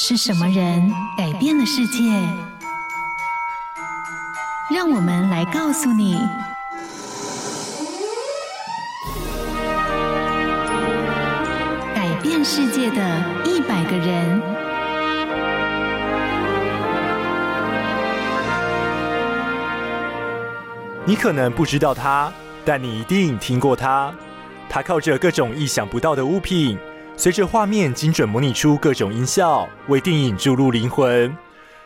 是什麼人改變了世界？讓我們來告訴你，改變世界的一百個人。你可能不知道他，但你一定聽過他。他靠着各種意想不到的物品，隨着畫面精準模擬出各種音效，為電影注入靈魂。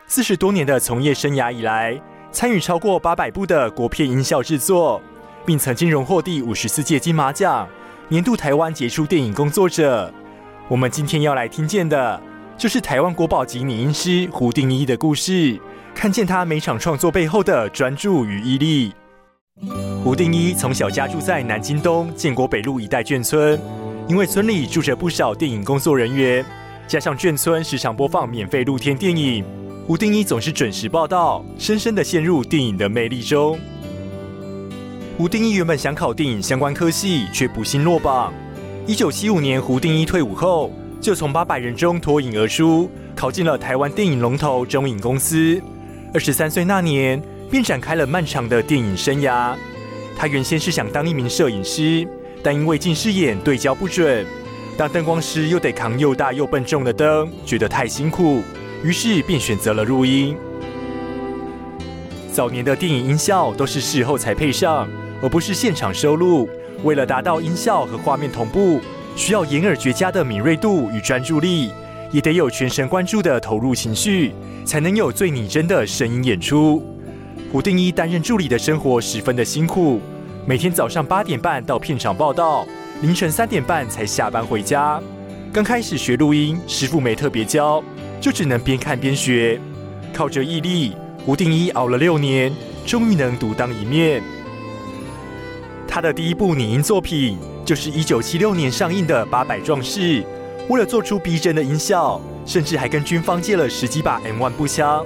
四十多年的從業生涯以來，參與超過八百部的國片音效制作，並曾經榮獲第五十四屆金馬獎年度台灣傑出電影工作者。我們今天要來聽見的，就是台灣國寶級擬音師胡定一的故事，看見他每場創作背後的專注與毅力。胡定一從小家住在南京東建國北路一帶眷村。因為村裡住着不少電影工作人員，加上眷村時常播放免費露天電影，胡定一總是準時報到，深深的陷入電影的魅力中。胡定一原本想考電影相關科系，卻不幸落榜。一九七五年，胡定一退伍後，就從八百人中脫穎而出，考進了台灣電影龍頭中影公司。二十三歲那年，便展開了漫長的電影生涯。他原先是想當一名攝影師。但因為近視眼對焦不準，當燈光師又得扛又大又笨重的燈，覺得太辛苦，於是便選擇了錄音。早年的電影音效都是事後才配上，而不是現場收錄。為了達到音效和畫面同步，需要眼耳絕佳的敏銳度與專注力，也得有全神貫注的投入情緒，才能有最擬真的聲音演出。胡定一擔任助理的生活十分的辛苦。每天早上八點半到片場報到，凌晨三點半才下班回家。剛開始學錄音，師傅沒特別教，就只能邊看邊學。靠着毅力，胡定一熬了六年，終於能獨當一面。他的第一部擬音作品就是一九七六年上映的《八百壯士》。為了做出逼真的音效，甚至還跟軍方借了十幾把 M1 步槍。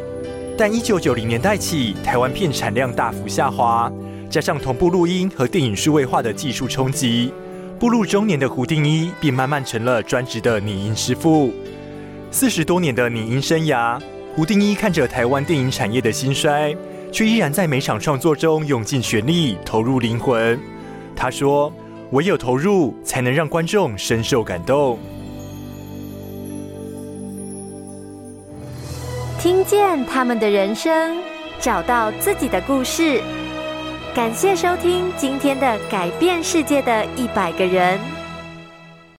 但一九九零年代起，台灣片產量大幅下滑。加上同步錄音和電影數位化的技術衝擊，步入中年的胡定一便慢慢成了專職的擬音師傅。四十多年的擬音生涯，胡定一看着台灣電影產業的興衰，卻依然在每場創作中用盡全力，投入靈魂。他說：“唯有投入，才能讓觀眾深受感動。”聽見他們的人生，找到自己的故事。感謝收聽今天的《改變世界的一百個人》。